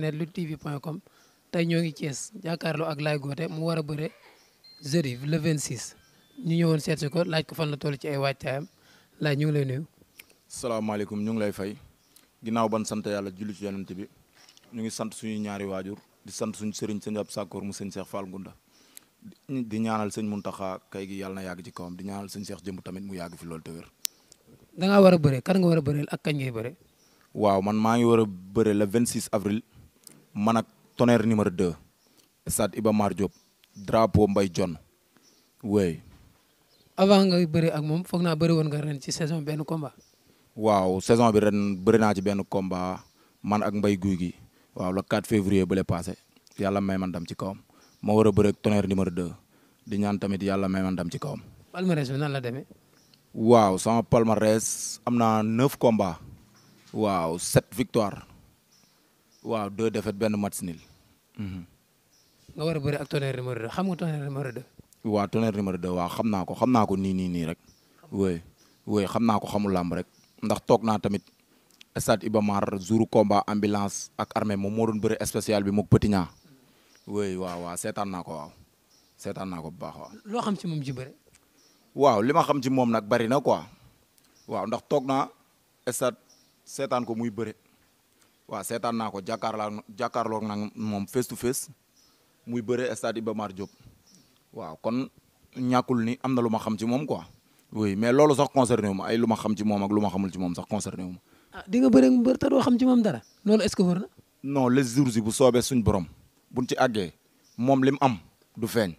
internet tv com tey ñoo ngi Thiès loo ak Laye Gothé mu war a bëre jeudi le 26 ñu ñëwoon seet si ko laaj ko fan la toll ci ay waajtaayam laaj ñu ngi lay nuyu. salaamaaleykum ñu ngi lay fay ginnaaw ban sant yàlla julli ci yonent bi ñu ngi sant suñuy ñaari waajur di sant suñu sëriñ sëñ ab sàkkoor mu sëñ Cheikh Fall Ngunda di ñaanal sëñ Muntaxa kay gi yàlla na yàgg ci kawam di ñaanal sëñ Cheikh jëmb tamit mu yàgg fi loolu te wér. da ngaa war a bëre kan nga a a bëre le man ak Tonnerre numéro 2 stade Iba Mar Diop drapeau Mbaye John wéy. avant nga bëri ak moom foog naa bëri woon nga ren ci saison benn komba waaw saison bi ren bëri naa ci benn combat man ak mbay Gouy Gui waaw le 4 février ba lay passé yàlla may man dam ci kawam ma war a bëri ak Tonnerre numéro 2 di ñaan tamit yàlla may dam ci kawam. palmarès bi nan la demee. waaw sama palmarès am na neuf combats. waaw sept victoires. waaw deux défaites benn match nul. Mhm. nga war a bëri ak Tonnerre numéro 2 xam waaw xam naa ko xam naa ko nii nii nii rek. oui oui xam naa ko xamul làmb rek ndax toog naa tamit stade Iba Mar jour combat ambulance ak armée moom moo doon bëri spécial bi moog Petit Niang. oui waaw seetaan naa ko waaw seetaan naa ko bu baax waaw. loo xam ci moom waaw li xam ci moom nag bari na quoi waaw ndax toog naa stade seetaan ko muy bëri waaw seetaan naa ko jàkkaarloo jàkkaarloog nag moom face to face muy bëre stade ba Mar Diop waaw kon ñàkkul ni am na lu ma xam ci moom quoi oui mais loolu sax concerné wu ay lu ma xam ci moom ak lu ma xamul ci moom sax concerné wu ma. ah di nga bëre mu bëri te doo xam ci moom dara loolu est-ce que na. non les jours yi bu soobee suñ borom buñ ci àggee moom lim am du feeñ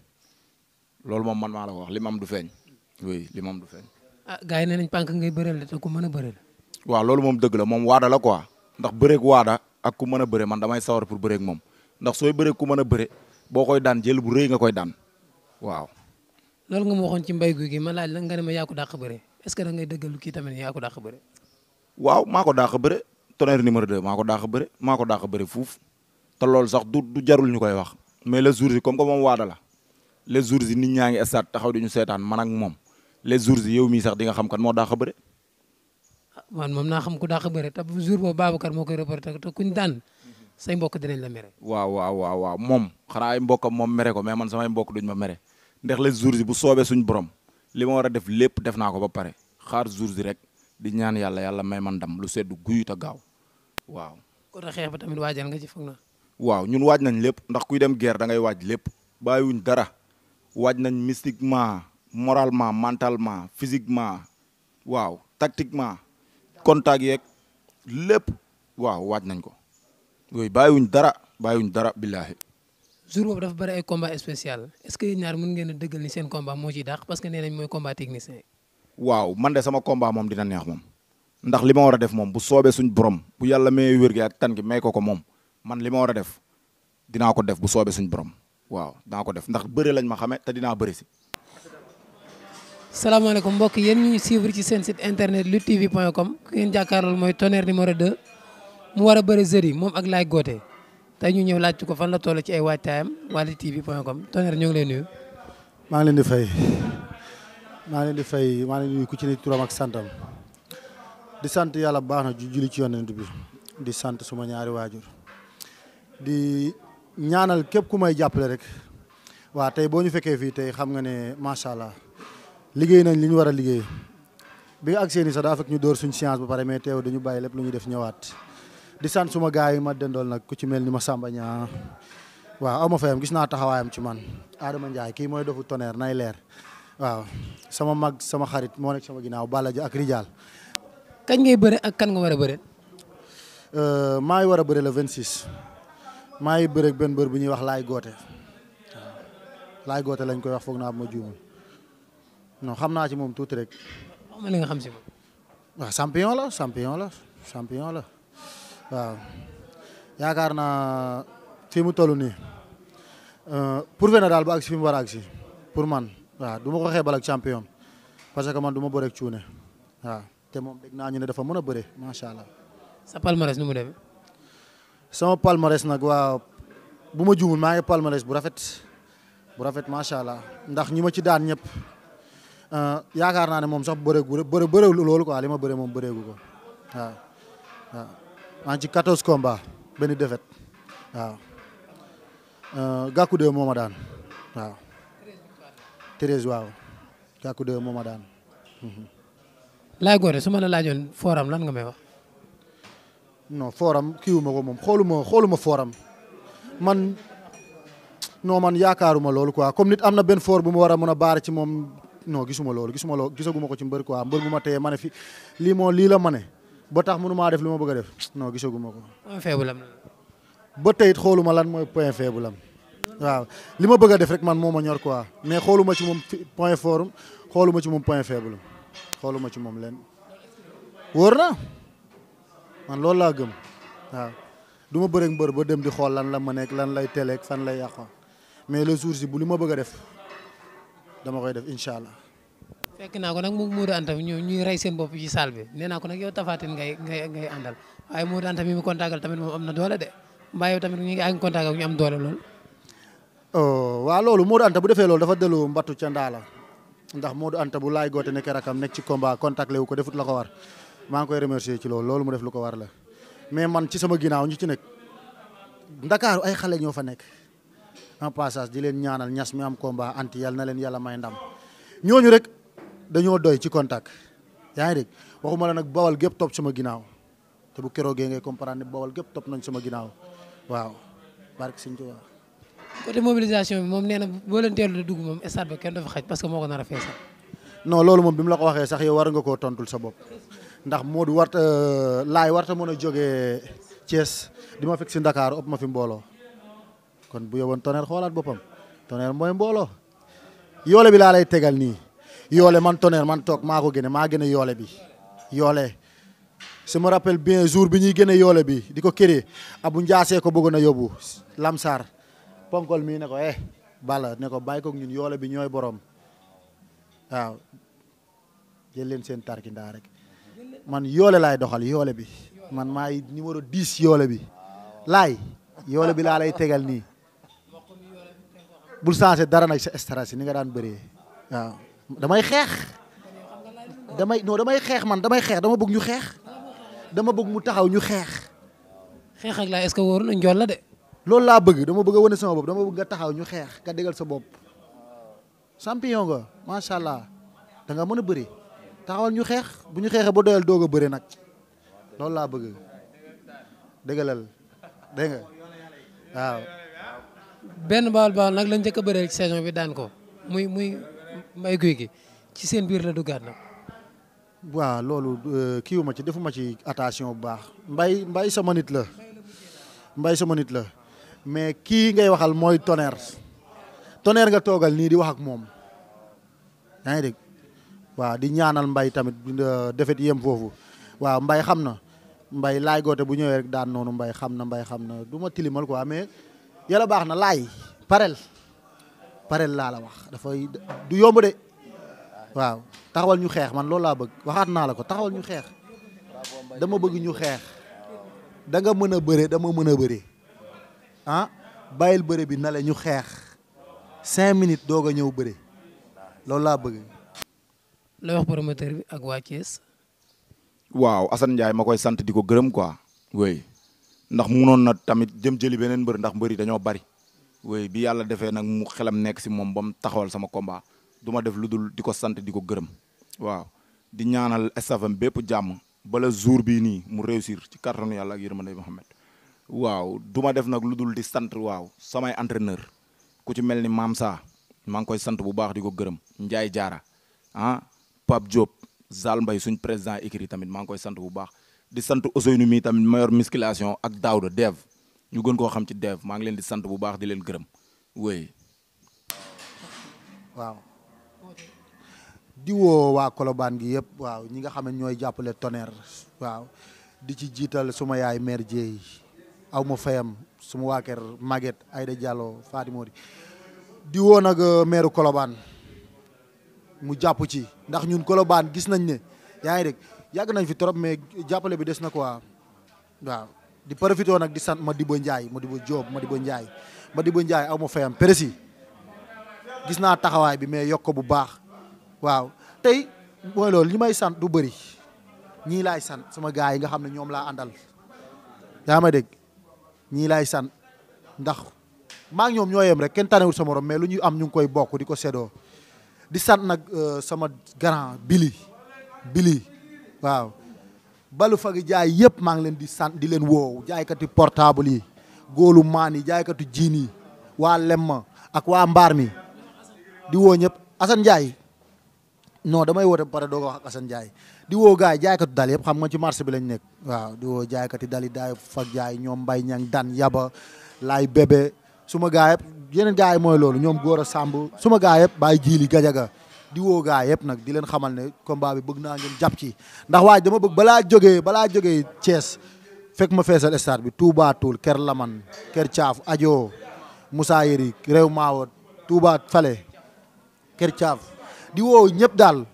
loolu moom man maa la ko wax lim am du feeñ oui lim am du feeñ. a ah, gars yi nee nañ Pank ngay bëreel te ku mën a bëreel. waaw loolu moom dëgg la moom waada la quoi. ndax bëreeg waada ak ku mën a bëre man damay sawar pour bëreeg moom ndax sooy bëreeg ku mën a bëre boo koy daan jël bu rëy nga koy daan waaw. loolu nga ma ci mbay guy gi ma laaj la nga ne ma yaa ko dàq bëre est-ce que da ngay dëggal kii tamit yaa ko dàq bëre. waaw maa ko dàq bëre tonnerre numéro 2 maa ko dàq bëre maa ko dàq bëre fuuf te loolu sax du du jarul ñu koy wax mais les jours yi comme que moom waada la les jours yi nit ñaa ngi stade taxaw di ñu seetaan man ak moom les jours yi yow sax di xam kan moo dàq bëre man moom naa xam ku dàq bëre te jour boobu Babacar moo koy reporté te kuñ daan say mbokk dinañ la mere. waaw waaw waaw waaw moom xanaa ay mbokkam moom mere ko mais man samay mbokk duñ ma mere ndax le jours yi bu soobee suñ borom li ma war a def lépp def naa ko ba pare xaar jours yi rek di ñaan yàlla yàlla may man ndam lu sedd guyu ta gaaw waaw. ko tax xeex ba tamit waajal nga ci foog na. waaw ñun waaj nañ lépp ndax kuy dem guerre da ngay waaj lépp wuñ dara waaj nañ mystiquement moralement mentalement physiquement waaw tactiquement. contact yeeg lépp waaw waaj nañ ko yooyu bàyyiwuñ dara bàyyiwuñ dara billaahi jour boobu dafa bari ay combat spécial est-ce que ñaar mën ngeen a dëggal ni seen combat moo ciy dàq parce que nee nañ mooy combat technicien waaw man sama combat moom dina neex moom ndax li ma war a def moom bu soobee suñ borom bu yàlla may wér gi ak tan gi may ko ko moom man li ma war a def dinaa ko def bu soobee suñ borom waaw dinaa ko def ndax bëre salaamaaleykum mbokk yéen ñu suivre ci seen sit internet lutte tv point com ku ngeen jàkkaarlool mooy tonnerre numéro 2 mu war a bëri jeudi moom ak Laye goote tey ñu ñëw laaj ko fan la toll ci ay waajtaayam waa lutte tv point com tonnerre ñoo ngi leen nuyu. maa ngi leen di fay maa ngi leen di fay maa ngi leen di nuyu ku ci ne ak santam di sant yàlla bu baax na ju julli ci yonent bi di sant suma ñaari waajur di ñaanal képp ku may jàppale rek waa tey boo ñu fekkee fii tey xam nga ne macha liggéey nañ li ñu war a liggéey bi nga agsee ni sax daa fekk ñu door suñ science ba pare mais teew dañu bàyyi lépp lu ñuy def ñëwaat di sant suma gaa yi ma dendool nag ku ci mel ni ma Samba ñaa waaw aw ma gis naa taxawaayam ci man Adama Ndiaye kii mooy dofu tonnerre nay leer waaw sama mag sama xarit moo nekk sama ginnaaw Balla Dia ak Rijal. kañ ngay bëre ak kan nga war a bëre. Euh, maa ngi war a bëre le 26 maa ngi bëre benn bër bu ñuy wax laay goote laay goote lañ koy wax foog naa bu ma non xam naa ci moom tuuti rek. wax li nga xam si moom. waaw champion la champion la champion la yaakaar naa fi mu toll nii euh, prouvé na daal ba agsi fi mu war a agsi pour man waaw du ma ko xeebal ak champion parce que man du ma bëre ak cuune te moom dégg naa ñu ne dafa mën a bëre macha allah. sa palmarès nu mu demee. sama palmarès nag waaw bu ma juumul maa ngi palmarès bu rafet bu rafet macha allah ndax ñi ma ci daan ñëpp. Euh, yaakaar naa ne moom sax bëreegu bëre bëreegu loolu quoi li ma bëre moom bëreegu ko waaw waaw maa ngi ci 14 benn défaite waaw euh, gàkku de moo ma daan waaw. 13 waaw moo ma daan. Mhm. Laye Gora su ma la laajoon fooram lan nga may wax. non fooram kii ma ko moom xooluma xooluma fooram man non yaakaaruma loolu quoi comme nit am na benn foor bu mu war a a baare ci moom. non gisuma loolu gisuma loolu gisaguma ko ci mbër quoi mbër bu ma téye ma ne fi lii moo lii la ma ne ba tax mënu maa def li ma bëgg def non gisaguma ko. point faible am ba tey it xooluma lan mooy point faible waaw li ma bëgg a def rek man moo ma ñor quoi mais xooluma ci moom point fort xooluma ci moom point faible xooluma ci moom leen wóor na man loolu laa gëm waaw du ma bëreeg mbër ba dem di xool lan la ma nekk lan lay teleeg fan lay yàqoo mais le jour si bu li ma bëgg a def dama koy def incha allah. fekk naa ko nag mu Modou Anta ñu ñuy rey seen bopp ci salle bi nee ko nag yow tafaatin ngay ngay ngay àndal waaye Modou Anta mi mu kontaagal tamit moom am na doole de mbaa tamit ñu ngi ànd kontaagal ñu oh, waaw loolu Modou Anta bu defee loolu dafa dellu mbatu ca Ndaala ndax Modou Anta bu laay goote nekk rakam nekk ci combat contacté wu ko defut la ko war maa ngi koy remercier ci loolu loolu mu def lu ko war mais man ci sama ginnaaw ñu ci nekk Ndakaaru ay xale ñoo fa nekk. en passage di leen ñaanal ñas mi am combat anti yàlla na leen yàlla may ndam ñooñu rek dañoo doy ci contact yaa ngi dégg waxuma la nag bawal gépp topp sama ginnaaw te bu keroogee ngay comprendre ne bawal gépp topp nañ sama ginnaaw waaw barke sëñ Tuubaa côté mobilisation bi moom nee na boo leen teelu da dugg moom stade ba kenn dafa xaj parce que moo ko nar a feesal non loolu moom bi mu la ko waxee sax yow war nga koo tontul sa bopp ndax Modou warta euh, laay warta mën a jógee Thiès di ma fekk si Dakar ma fi mbooloo kon bu yoboon Tonnerre xoolaat boppam Tonnerre mooy mbooloo yoole bi laa lay tegal nii yoole man Tonnerre man toog maa ko gën maa gën yoole bi yoole je me bien jour bi ñuy gën a yoole bi di ko këree abu njaasee ko bëggoon a yóbbu lamsaar ponkol mii ne ko eh bala ne ko bàyyi ko ñun yoole bi ñooy borom waaw jël leen seen tarkindaa rek man yoole laay doxal yoole bi man maay numéro 10 yoole bi laay yoole bi laa lay tegal nii bul changé dara nag sa stratégie ni nga daan bëree waaw damay xeex damay non damay xeex man damay xeex dama bëgg ñu xeex dama bëgg mu taxaw ñu xeex. xeex ak laa est-ce que wóor na njool la de. lool laa bëgg dama bëgg a wane sama bopp dama bëgg nga taxaw ñu xeex nga dégal sa bopp. champion nga macha allah da nga mën a bëri taxawal ñu xeex bu ñu xeexee ba doyal doog a bëri nag loolu laa bëgg dëggalal dégg waaw. benn bawal bawal nag la njëkk a bëree saison bi daan ko muy muy mbay guy gi ci seen biir la duggaat nag. waaw loolu euh, kiiwuma ci defuma ci attention bu baax mbay mbay sama nit la mbay sama nit la mais kii ngay waxal mooy tonnerre tonnerre nga toogal nii di wax ak moom yaa ngi dégg waaw di ñaanal mbay tamit euh, defet yem foofu waaw mbay xam na mbay laay goote bu ñëwee rek daan noonu mbay xam na mbay xam na du ma tilimal ko amee yàlla baax na laay parel parel laa la wax dafay du yomb de waaw taxawal ñu xeex man loolu laa bëgg waxaat naa la ko taxawal ñu xeex dama bëgg ñu xeex danga nga mën a bëre dama mën a bëre ah bàyyil bëre bi na la ñu xeex cinq minutes doog a ñëw bëre loolu laa bëgg. la wax promoteur bi ak waa Thiès. waaw Assane Ndiaye ma koy sant di ko gërëm quoi. oui ndax mu noon na tamit jëm jëli beneen mbër ndax mbër yi dañoo bari wéy bi yàlla defee nag mu xelam nekk si moom ba mu taxawal sama combat duma def lu dul di ko sant di ko gërëm waaw di ñaanal estafam bépp jàmm bala jour bii nii mu réussir ci kattanu yàlla ak yërmande Mohamed waaw du ma def nag lu dul di sant waaw samay entraîneur ku ci mel ni Maam Saa maa ngi koy sant bu baax di ko gërëm Ndiaye Jaara ah Pape Diop Zal Mbaye suñ président écrit tamit maa ngi koy sant bu baax di sant Ousseynou mi tamit mayor musculation ak Daouda Dev ñu gën koo xam ci Dev maa ngi leen di sant bu baax di leen gërëm wéy. waaw di waa Colobane gi yëpp waaw ñi nga xam ne ñooy jàppale Tonnerre waaw di ci jiital suma yaay mère Dieye awma ma fayam suma waa kër Maguette Aïda Diallo Fatimori di woo nag euh, maire kolobaan mu jàpp ci ndax ñun kolobaan gis nañ ne yaa ngi yàgg nañ fi trop mais jàppale bi des na quoi waaw di profité nag di sant ma ma Madiba Ndiaye Madiba Diop Madiba Ndiaye Madiba Ndiaye aw ma fayam précis gis naa taxawaay bi mais yokk ko bu baax waaw tey mooy loolu li may sant du bëri ñii laay sant sama gars yi nga xam ne ñoom laa àndal yaa ma dégg ñii laay sant ndax maa ñoom ñoo yem rek kenn tanewul sa morom mais lu ñu am ñu ngi koy bokk di ko sedoo di sant nag euh, sama grand Billy Billy waaw balu fagi jaay yëpp maa ngi leen di sant di leen woow jaaykati portable yi góolu maan yi jaaykatu jiin yi waa lemma ak waa mbaar mi di woo ñëpp Assane Ndiaye non damay woote pare doo ko wax ak Ndiaye di woo gars yi jaaykatu dal yëpp xam ma ci marché bi lañ nekk waaw di woo jaaykati dal yi daay fag jaay ñoom bay ñang dan yaba lay bébé suma gars yëpp yeneen gars mooy loolu ñoom góor a sàmb suma gars yëpp bàyyi jiili gajaga di woo gaa yëpp nag di leen xamal ne combat bi bëgg naa ngeen jàpp ci ndax waaj dama bëgg balaa jógee balaa jógee Thiès fekk ma feesal stade bi Touba Toul Ker Laman Ker Caaf Ajo Moussa Yeri réew Maawo Touba Fale Ker Caaf di woo ñëpp daal